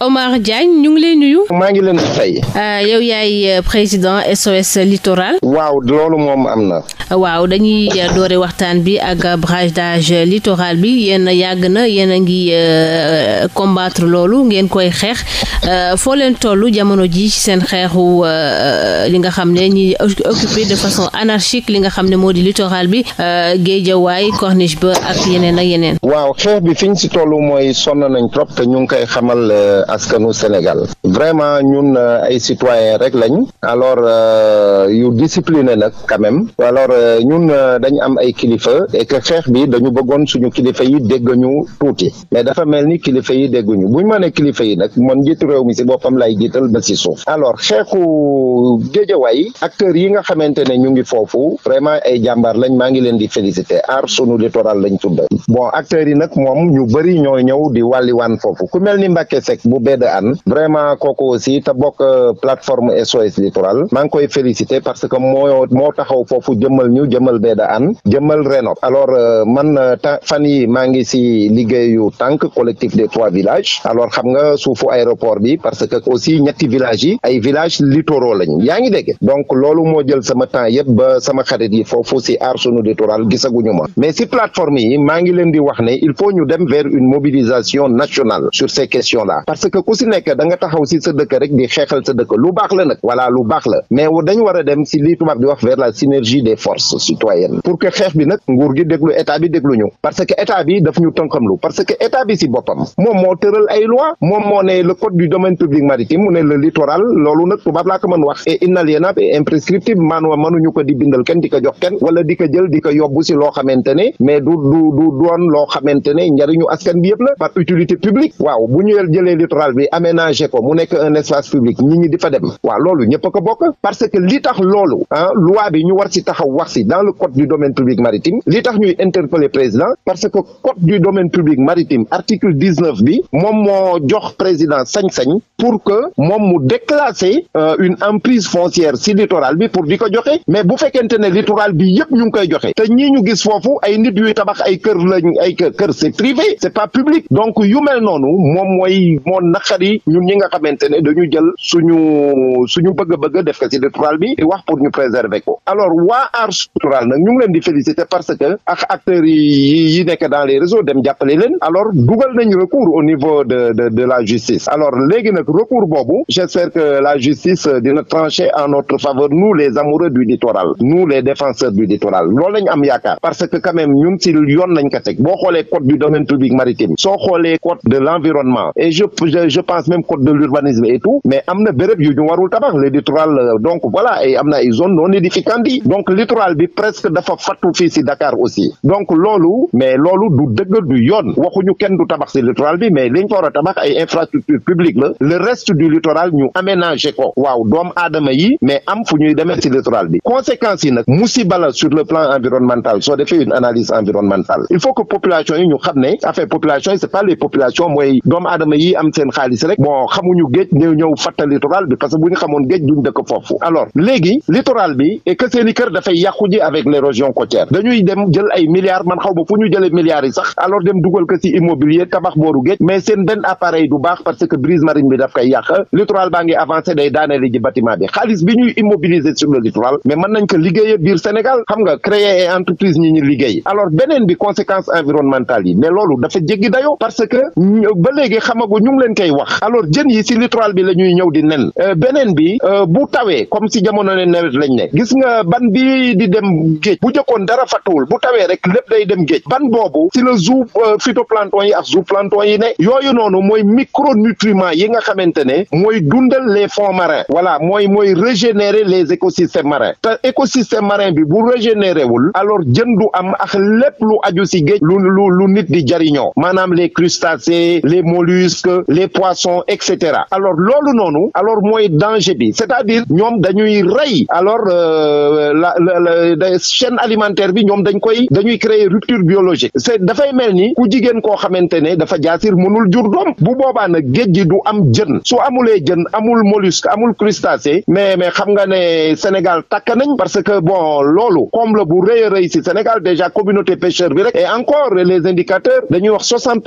Omar Diagne ñu ngi lay nuyu. maa ngi leen fay. Euh, yow yaay euh, président SOS littoral. waaw loolu moom am na. waaw dañuy euh, doore waxtaan bi ak bradage littoral bi yenn yàgg na yéen a ngi combattre loolu ngeen koy xeex foo leen toll jamono ji seen xeexu li nga xam ne ñi occupé de façon anarchique li nga xam ne moo di littoral bi géejawaay corniche ba ak yeneen ak yeneen. waaw xeex bi fi ñu si mooy sonn nañ trop te ñu ngi koy xamal. nu Sénégal vraiment ñun euh, ay citoyen rek lañ alors euh, yu discipliné nag quand même alors euh, ñun dañ am ay kilifa et xeex bi dañu bëggoon suñu kilifa yi dégg ñu tuuti mais dafa mel ni kilifa yi dégguñu ñu mën a kilifa yi nag man njiitu réew mi si boppam lay jiital ba si suuf alors xeexu géejawaay acteurs yi nga xamante ne ñu ngi foofu vraiment ay jàmbaar lañ maa ngi leen di féliciter aar sunu littoral lañ tudda bon acteurs yi nag moom ñu bëri ñoo ñëw di wàlli bu baie de Hann vraiment kooku aussi te bokk euh, plateforme SOS littoral maa ngi koy félicité parce que moo moo taxaw foofu jëmmal ñu jëmmal baie de Hann jëmmal Rénov alors euh, man euh, ta fan yi maa ngi si liggéeyu tànk collectif des trois villages alors xam nga suufu aéroport bi parce que aussi ñetti villages yi ay villages littoraux lañ yaa ngi dégg donc loolu moo jël sama temps yëpp ba sama xarit yi foofu si aar sunu littoral gisaguñu ma mais si plateforme yi maa ngi leen di wax ne il faut ñu dem vers une mobilisation nationale sur parce ku si nekk da taxaw si sa dëkk rek di xeexal sa dëkk lu baax la nag voilà lu baax la mais dañ war a dem si li tubaab di wax vers la synergie des forces citoyennes pour que xeex bi nag nguur gi déglu état bi déglu ñu parce que état bi daf ñu tënkamlu parce que état bi si boppam moom moo tëral ay loi moom moo ne le code du domaine public maritime mu ne littoral loolu nag tubaab laa ko mën wax et inaliénable et imprescriptible maanaam mënuñu ko di bindal kenn di ko jox kenn wala di ko jël di ko yóbbu si loo xamante ne mais du du du doon ne njariñu askan bi yëpp la rural bi aménagé ko mu nekk un espace public nit ñi di dem waaw loolu ñëpp ko bokk parce que li tax loolu ah, loi bi ñu war si taxaw wax si dans le code du domaine public maritime li tax ñuy interpeller président parce que code du domaine public maritime article dix-neuf bi moom moo jox président sañ-sañ pour que moom mu déclasser euh, une emprise foncière si littoral bi pour di ko joxe mais bu fekkente ne littoral bi yëpp ñu koy joxe te ñii ñu gis foofu ay nit yu naqari ñun ñi nga xamante ne dañu jël suñu suñu bëgg-bëgg def ko ci littoral bi di wax pour ñu préserver ko alors waa aar littoral nag ñu leen di féliciter parce que ak acteurs yi yi nekk dans les réseaux dem jàppale leen alors dugal nañ recours au niveau de de de la justice alors léegi nag recours boobu j'espère que la justice dina trancher en notre faveur nous les amoureux du littoral nous les défenseurs du littoral loolu am yaakaar parce que quand même ñun je, je pense même code de l'urbanisme et tout mais am na béréb yu ñu warul tabax le littoral euh, donc voilà et am na ay zone non édificantes yi donc littoral bi presque dafa fattu fii si Dakar aussi donc loolu mais loolu du dëgg du yoon waxuñu kenn du tabax si littoral bi mais liñ ko war a tabax ay infrastructure publique le reste du littoral ñu aménager ko waaw doom aadama yi mais am fu ñuy demee si littoral bi conséquences yi nag musiba la sur le plan environnemental soo defee une analyse environnementale il faut que population yi seen xaalis rek bon xamuñu géej ñëw dëkk foofu alors léegi littoral bi et que i kër dafay yàqu ji avec l'érosion côtière dañuy dem jël ay milliards man xaw fu ñu jëlee milliards yi sax alors dem dugal ko immobilier tabax booru géej mais seen benn appareil du baax parce que brise marine bi daf koy littoral baa ngi avancé day daaneeli ji biir Sénégal xam nga créer ay entreprise ñi ñu liggéey alors beneen bi conséquences environnementales yi mais loolu leen koy wax alors jën yi si littoral bi la ñuy ñëw di nen euh, beneen bi euh, bu tawee comme si jamono ne nawet lañ ne gis nga ban bi di dem géej bu jëkkoon dara fatuwul bu tawee rek lépp day dem géej ban boobu si la zoo euh, phytoplancton yi ak zooplancton yi ne yooyu noonu mooy micronutriments yi nga xamante ne mooy dundal les fonds marins wala mooy mooy régénérer les écosystèmes marins te écosystème marin bi bu régénéré wul alors jën du am ak lépp lu aju si géej lu nit di jariñoo les poissons et cetera alors loolu noonu alors mooy danger bi c'est-à-dire ñoom dañuy rey alors euh, la la chaîne alimentaire bi ñoom dañ koy dañuy créer rupture biologique c'est dafay mel ni ku jigéen koo xamante ne dafa jaasir mënul jur doom bu boobaa nag géej gi du am jën su amule jën amul mollusque amul crustacé mais mais xam nga ne Sénégal takk nañ parce que bon loolu comme la bu rëy a rëy si Sénégal déjà communauté pêcheur bi rek et encore les indicateurs dañuy wax soixante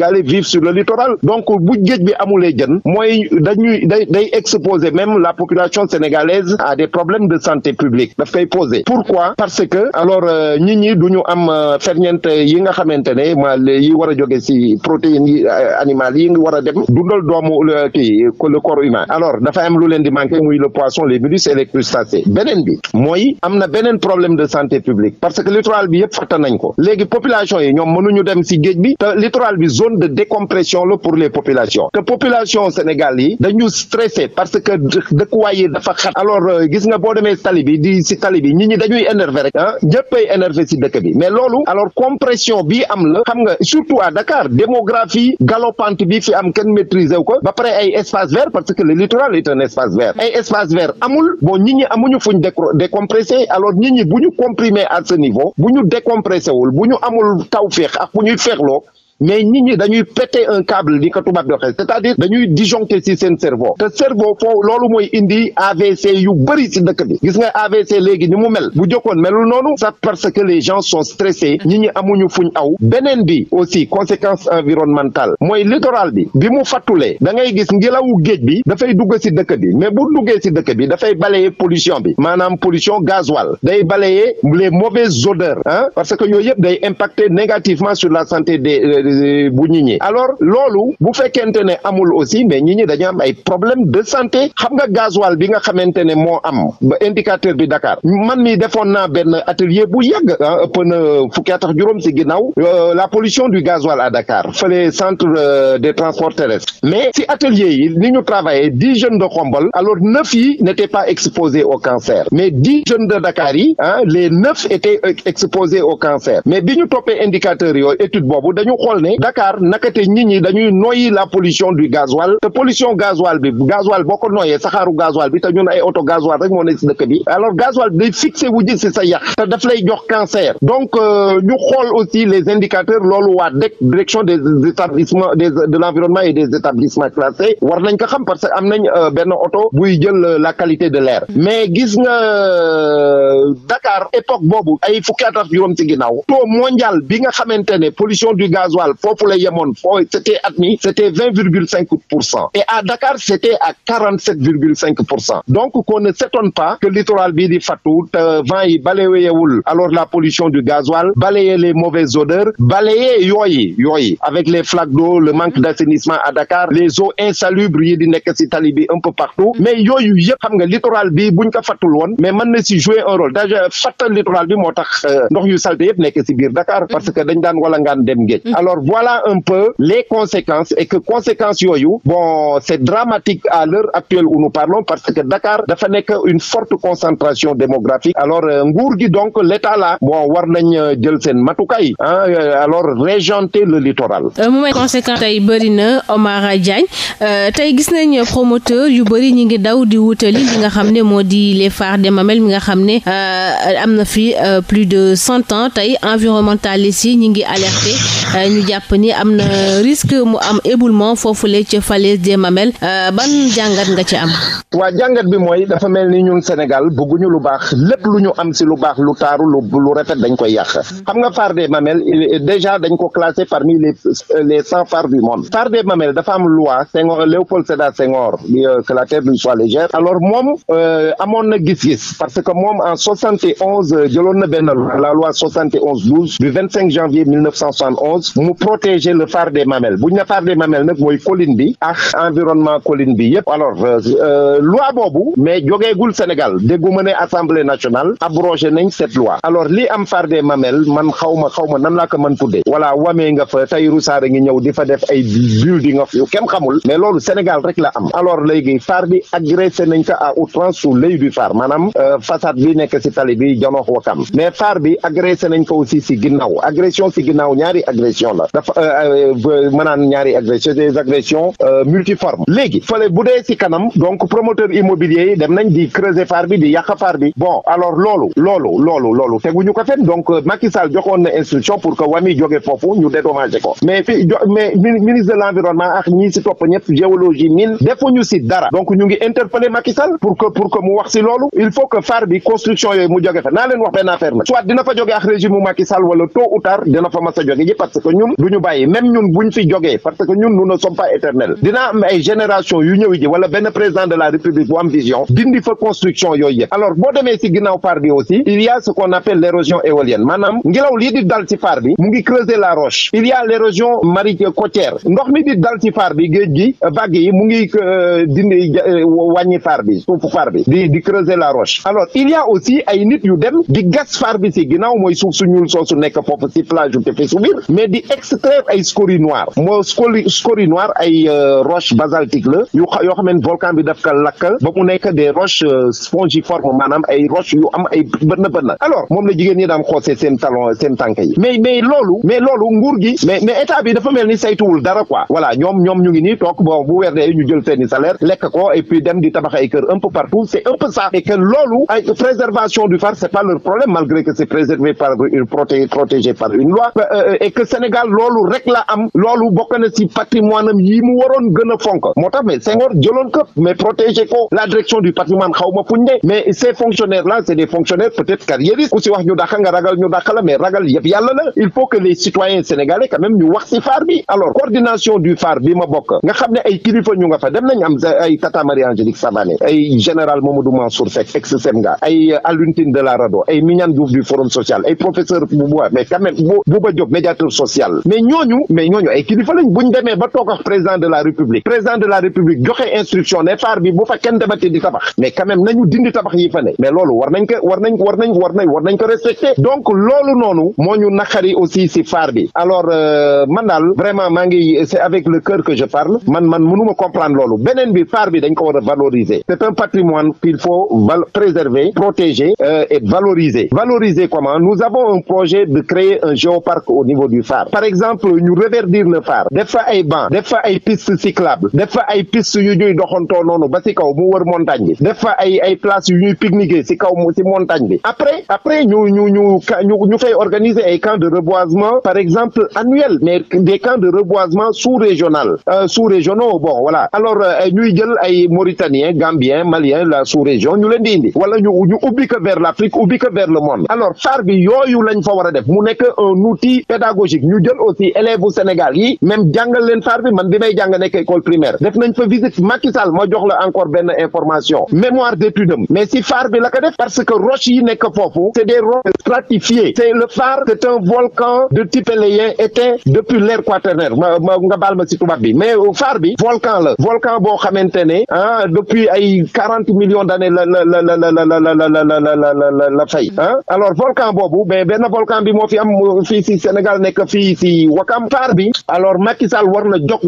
Sénégalais vivent sur le littoral donc bu géej bi amulee jën mooy dañuy day exposer même la population sénégalaise à des problèmes de santé publique daf koy poser pourquoi parce que alors euh, ñi ñi du ñu am euh, ferñeent yi nga xamante ne ma yi war a jóge ci protéines yi euh, animales yi war a dem dundal doomu kii le corps humain alors dafa am lu leen di manqué muy le poisson les mollusques et les crustacés beneen bi mooy am na beneen problème de santé publique parce que littoral bi yëpp zone de décompression la pour les populations te population Sénégal yi dañu stressé parce que dëkkuwaay yi dafa xat alors euh, gis nga boo demee tali bi di si tali bi nit ñi dañuy énervé rek ah énervé si dëkk bi mais loolu alors compression bi am la xam nga surtout à Dakar démographie galopante bi fi am kenn maîtriser ko ba pare ay espace vert parce que le littoral est un espace vert ay espace vert amul bon nit ñi amuñu fuñ décompressé alors nit ñi bu ñu comprimé à ce niveau mais nit ñi dañuy péter un câble li ko tubaab di waxee c'est-à-dire dañuy disjoncter ci seen cerveau te cerveau foofu loolu mooy indi AVC yu bëri ci dëkk bi gis nga AVC léegi ni mu mel bu jokkoon melul noonu ça parce que les gens sont stressés nit ñi amuñu fuñ aw beneen bi aussi conséquence environnementale mooy littoral bi bi mu fattulee da ngay gis ngelawu géej bi dafay dugg si dëkk bi mais bu duggee ci dëkk bi dafay balayer polition bi maanaam pollution gasoil day balayer les mauvaises odeurs ah que yooyu yëpp day impacter négativement la santé des euh, bu nit ñi alors loolu bu fekkente ne amul aussi mais nit ñi dañu am ay problème de santé xam nga gasoil bi nga xamante ne moo am ba indicateur bi Dakar man mi defoon naa benn atelier bu yàgg ah ëpp na juróom si ginnaaw euh, la pollution du gasoil à Dakar fële centre euh, des transports terrestres mais si atelier yi ni ñu travaillé dix jeunes de Khombol alors neuf yi n'étaient pas exposés au cancer mais dix jeunes de Dakar yi ah les neuf étaient euh, exposés au cancer mais b ñu toppee indicateur yooyu xool ne Dakar nakate nit ñi dañuy noyyi la pollution du gasoil te pollution gasoil bi gasoil boo ko noyyee saxaaru gasoil bi te ñun ay oto gasoil rek moo nekk si dëkk bi alors gasoil bi euh, e de l'environnement et des établissements classés war nañ xam parce que am nañ euh, benn oto buy jël euh, la de l'air mm-hmm. mais gis nga Dakar époque boobu ay fukki at ak juróom ci pollution du gasoil Sénégal foofu la yemoon foo c'était admis c'était vingt virgule cinq pour cent donc qu'on ne s'étonne pas que di fattu te vent yi du gasoil balayer les mauvaises odeurs balayer yooyu yooyu avec les flaques d'eau le manque d'assainissement à Dakar les eaux insalubres yi di nekk ci un peu partout mais yooyu yëpp xam nga littoral bi buñ ko fattul woon mais mën na ci jouer un rôle déjà fatta littoral bi moo tax euh, ndox yu salte yëpp nekk ci biir Dakar parce que dañ daan wala Alors voilà un peu les conséquences et que conséquences yooyu bon c'est dramatique à l'heure actuelle ou nous parlons parce que Dakar dafa nekk une forte concentration démographique alors euh, nguur gi donc l'état là bon war nañ euh, jël seen matukaay ah alors régenter le littoral. mu may conséquence tey bëri na Omar Diagne tey gis nañ promoteur yu bëri ñi ngi daw di wutali li nga xam ne moo di les phares des Mamelles mi nga xam ne am na fi plus de cent ans tey environnementaliste yi ñi ngi alerter. ñu jàpp ni am na risque mu am éboulement foofule ca falaise des Mamelles euh, ban jàngat nga ci am. waa jàngat bi mooy dafa mel ni ñun Sénégal bëgguñu lu baax lépp lu ñu am si lu baax lu taaru lu lu rafet dañ koy yàq xam nga phare des déjà dañ ko classé parmi les les cent phares du monde phare des Mamelles dafa am loi Senghor Léopold Sédar Senghor bi euh, que la terre lui soit légère alors moom euh, amoon na gis-gis parce que moom en soixante et onze jëloon na benn la loi du janvier mu protéger le phare des mamelles bu ñu ne phare des mamelles nag mooy colline bi ak environnement colline bi yëpp alors euh, euh, loi boobu mais jógeegul Sénégal déggu ma ne assemblée nationale abrogé nañ cette loi alors li am phare des mamelles man xaw ma xaw ma nan laa ko mën tuddee wala wamee nga fa Tahirou Sarr ngi ñëw di fa def ay building of yu kenn xamul mais loolu Sénégal rek la am alors léegi phare bi agressé nañ ko à outrance sous l'œil du phare maanaam euh, façade bi nekk si tali bi Janox Wakam mais phare bi agressé nañ ko aussi si ginnaaw agression si ginnaaw ñaari agression la dafa euh, euh, maanaam ñaari agression des agressions euh, multiformes léegi fële bu dee si kanam donc promoteur immobilier yi dem nañ di creuser faar bi di yàq faar bi bon alors loolu loolu loolu loolu teguñu ko fen donc Macky joxoon na instruction pour que Wami jóge foofu ñu dédommagé ko mais mais ministre de l'environnement ak ñi si topp ñëpp géologie mine defuñu si dara donc ñu ngi interpeller Macky pour que mu wax si loolu il faut que faar bi a jóge ñun du ñu bàyyi même ñun buñ fi jógee parce que ñun nous ne sommes pas éternels dina am ay génération yu ñëw ji wala benn président de la république bu am vision dindi fa construction yooyu yëpp alors boo demee ci ginnaaw phare bi aussi il y a ce qu'on appelle l'érosion éolienne maanaam ngelaw lii di dal ci phare bi mu ngi creuser la roche il y a l'érosion maritime côtière ndox mi di dal ci phare bi géej gi euh, vague yi mu ngi euh, dindi euh, wàññi bi suufu phare bi di di creuser la roche alors il y ay nit yu dem di gas phare ginnaaw mooy suuf su ñuul soosu su biir mais extraire ay scories noires moo scories noires ay euh, roche basaltique la yu yoo xam ne volcan bi daf ko lakk ba mu nekk des roches euh, spongiformes maanaam ay roche yu am ay bënn bënn alors moom la jigéen ñi daan seen talon seen tànk yi mais mais loolu mais loolu nguur gi mais mais état bi dafa mel ni saytuwul dara quoi voilà ñoom ñoom ñu ngi nii toog bon bu weer dee ñu jël seeni salaire lekk ko et puis dem di tabax ay kër un peu partout c'est un peu ça et que loolu loolu rek la am loolu bokk na ci patrimoine am yi mu waroon gën a fonk moo tax mais Senghor jëloon këpp mais protéger ko la direction du patrimoine xaw ma fuñ ne mais ces fonctionnaires là c'est des fonctionnaires peut-être carriéristes ku ci wax ñu a nga ragal ñu dàq la mais ragal yëpp yàlla la il faut que les citoyens sénégalais quand ñu wax ci phare bi alors coordination du phare bi ma bokk nga xam ne ay kilifa ñu nga fa dem nañ am ay Tata Marie Angélique Savané général Mamadou Mansour Seck ex de la Rado ay Mignane Diouf du Forum social ay professeur social mais ñooñu mais ñooñu ay kilifa lañ buñ demee ba toog ak président de la république président de la république joxe instruction ne phare bi bu fa kenn demati di tabax mais quand nañu dindi tabax yi fa ne mais loolu war nañ ko war nañ war nañ war nañ war nañ ko respecter donc loolu noonu moo ñu naqari aussi si phare bi alors euh, man daal vraiment maa ngi c'est avec le cœur que je parle man man mënuma comprendre loolu beneen bi phare bi dañ ko war a valoriser c'est un patrimoine qu'il faut val préserver protéger euh, et valoriser valoriser comment nous projet de créer un géoparc niveau du par exemple ñu reverdir le phare def fa ay banc def fa ay piste cyclable def fa ay piste yu ñuy doxantoo noonu ba ci kaw mu wër montagne bi def ay place yu ñuy pique kaw mu ci montagne bi après ñu ñu fay organiser ay camps de reboisement par exemple annuel mais des camps de reboisement sous-régional euh, sous-régionaux bon voilà alors euh, ñuy jël ay Mauritaniens Gambiens Maliens la sous-région ñu leen di ñu ñu ubbi ko vers l'Afrique ubbi ko vers le monde alors phare bi jël aussi élève bu Sénégal yi même jàngal leen faar bi man bi may jàng nekk école primaire def nañ fa visite Macky Sall ma jox la encore benn information mémoire d'étude am mais si faar bi la ko def parce que roche yi nekk foofu c'est des roches stratifiées c'est le phare c'est un volcan de type éléen éteint depuis l'ère quaternaire ma ma nga baal ma si tubaab bi mais phare bi volcan la volcan boo xamante ne ah depuis ay quarante millions d'années la la la la la la la la la la la fay ah alors volcan boobu mais benn volcan bi moo fi am fii si Sénégal nekk fii si Wakam phare bi alors Macky Sall war na jóg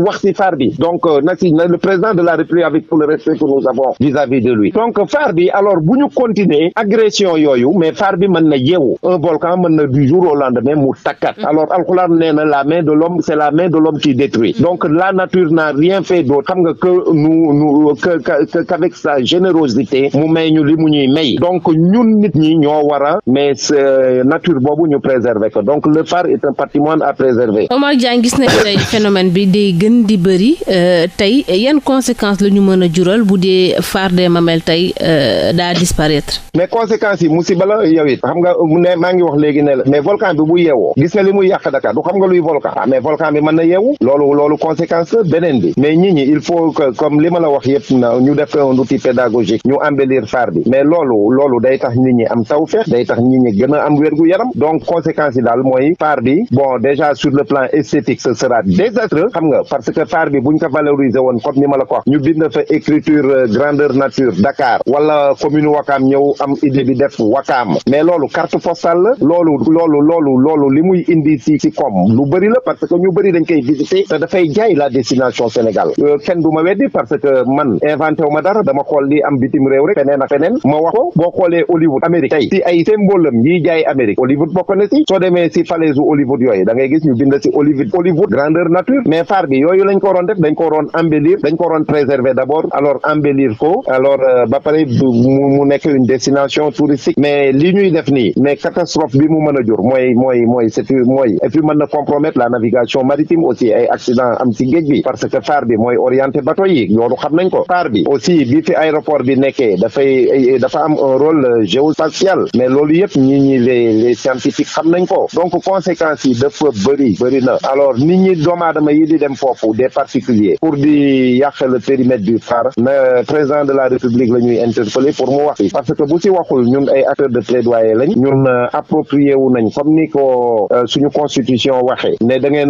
bi donc euh, le président de la République avec tout le respect que nous avons vis-à-vis de lui donc phare bi alors bu ñu continuer agression yooyu mais phare bi mën na yeewu un volcan mën na du jour au lendemain mu takkat mm-hmm. alors alxuraan nee na la main de l'homme c'est la main de l'homme qui détruit mm-hmm. donc la nature n'a rien fait d'autre xam nga que nous que que qu'avec sa générosité mu may ñu li mu ñuy may donc ñun nit ñi ñoo war a mais euh, nature boobu ñu préserver. Omar Diagne gis nañu tey phénomène bi day gën di bëri euh, tey yan conséquence la ñu mën a jural bu dee phare des Mamelles tey euh, daa disparaître. mais conséquence yi musiba la yow it xam nga mu maa ngi wax léegi ne la mais volcan bi bu yeewoo gis nga li muy yàq Dakar du xam nga luy volcan ah mais volcan bi mën na yeewu loolu loolu conséquence beneen bi mais ñi ñi il faut que comme li ma la wax yëpp na ñu def un outil pédagogique ñu embellir phare bi mais loolu loolu day tax nit am tawfeex day tax nit ñi gën a am wér yaram déjà sur le plan esthétique ce sera xam nga parce que tar bi buñ ko valoriser woon comme ni ma la ko wax ñu bind fa écriture euh, grandeur nature Dakar wala commune Wakaam ñëw am idée bi def Wakaam mais loolu carte postale la loolu loolu loolu li muy indi si si koom lu bëri la parce que ñu bëri dañ koy visiter te dafay jaay la destination Sénégal euh, kenn du ma weddi parce que man inventé ma dara dama xool li am bitim réew rek feneen ak feneen ma wax da gis ñu bind si Hollywood Hollywood grandeur nature mais phare bi yooyu lañ ko waroon def dañ ko waroon embellir dañ ko waroon préserver d' abord alors embellir ko alors euh, ba pare mu nekk une destination touristique mais li ñuy def nii mais catastrophe bi mu mën a jur mooy mooy mooy c'est mooy et puis mën na compromettre la navigation maritime aussi ay accident am si géej bi parce que phare bi mooy orienté bateau yi loolu xam nañ ko phare bi aussi bi fi aéroport bi nekkee dafay dafa bëri bëri na alors nit ñi doomu aadama yi di dem foofu des particuliers pour di yàq le périmètre du phare na président de la république la ñuy pour mu wax parce que bu ci waxul ñun ay acteurs de plaidoyer lañ ñun euh, approprié wu nañ comme ni ko euh, suñu constitution waxee ne da les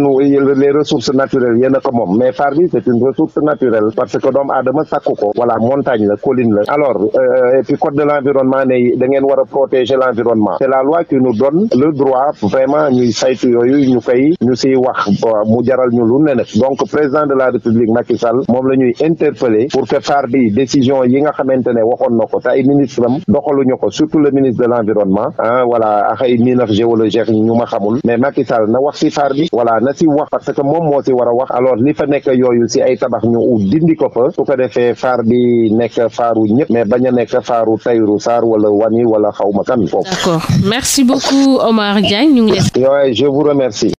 ressources naturelles yéen a ko moom mais phare bi c'est une ressource naturelle parce que doomu aadama sàkku ko voilà montagne la colline la alors euh, et de l'environnement a kilifa yi ñu siy wax euh, mu jaral ñu lu ne nag donc président de la république Macky Sall moom la ñuy interpeller pour que par bi décision yi nga xamante waxoon na ko te ay ministre am doxaluñu ko surtout le ministre de l' environnement ah voilà ak ay mineur géologique ñu ma xamul mais Macky na wax si faar bi voilà na si wax parce que moom moo si war a wax alors li fa nekk yooyu si ay tabax ñu dindi ko fa su ko defee faar bi nekk faaru ñëpp mais bañ nekk faaru tayru saar wala wani wala xaw ma kan foofu.